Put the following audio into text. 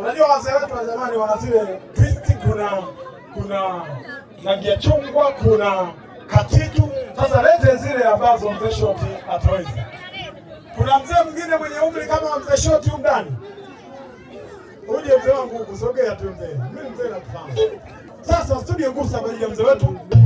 Unajua wazee wetu wa zamani wana zile twist, kuna kuna rangi ya chungwa, kuna katitu. Sasa lete zile ambazo mzee Shoti ataweza. Kuna mzee mwingine mwenye umri kama mzee Shoti huko ndani, uje mzee wangu, kusogea tu mzee, mimi mzee nakufahamu. Sasa studio gusa kwa ajili ya mzee wetu.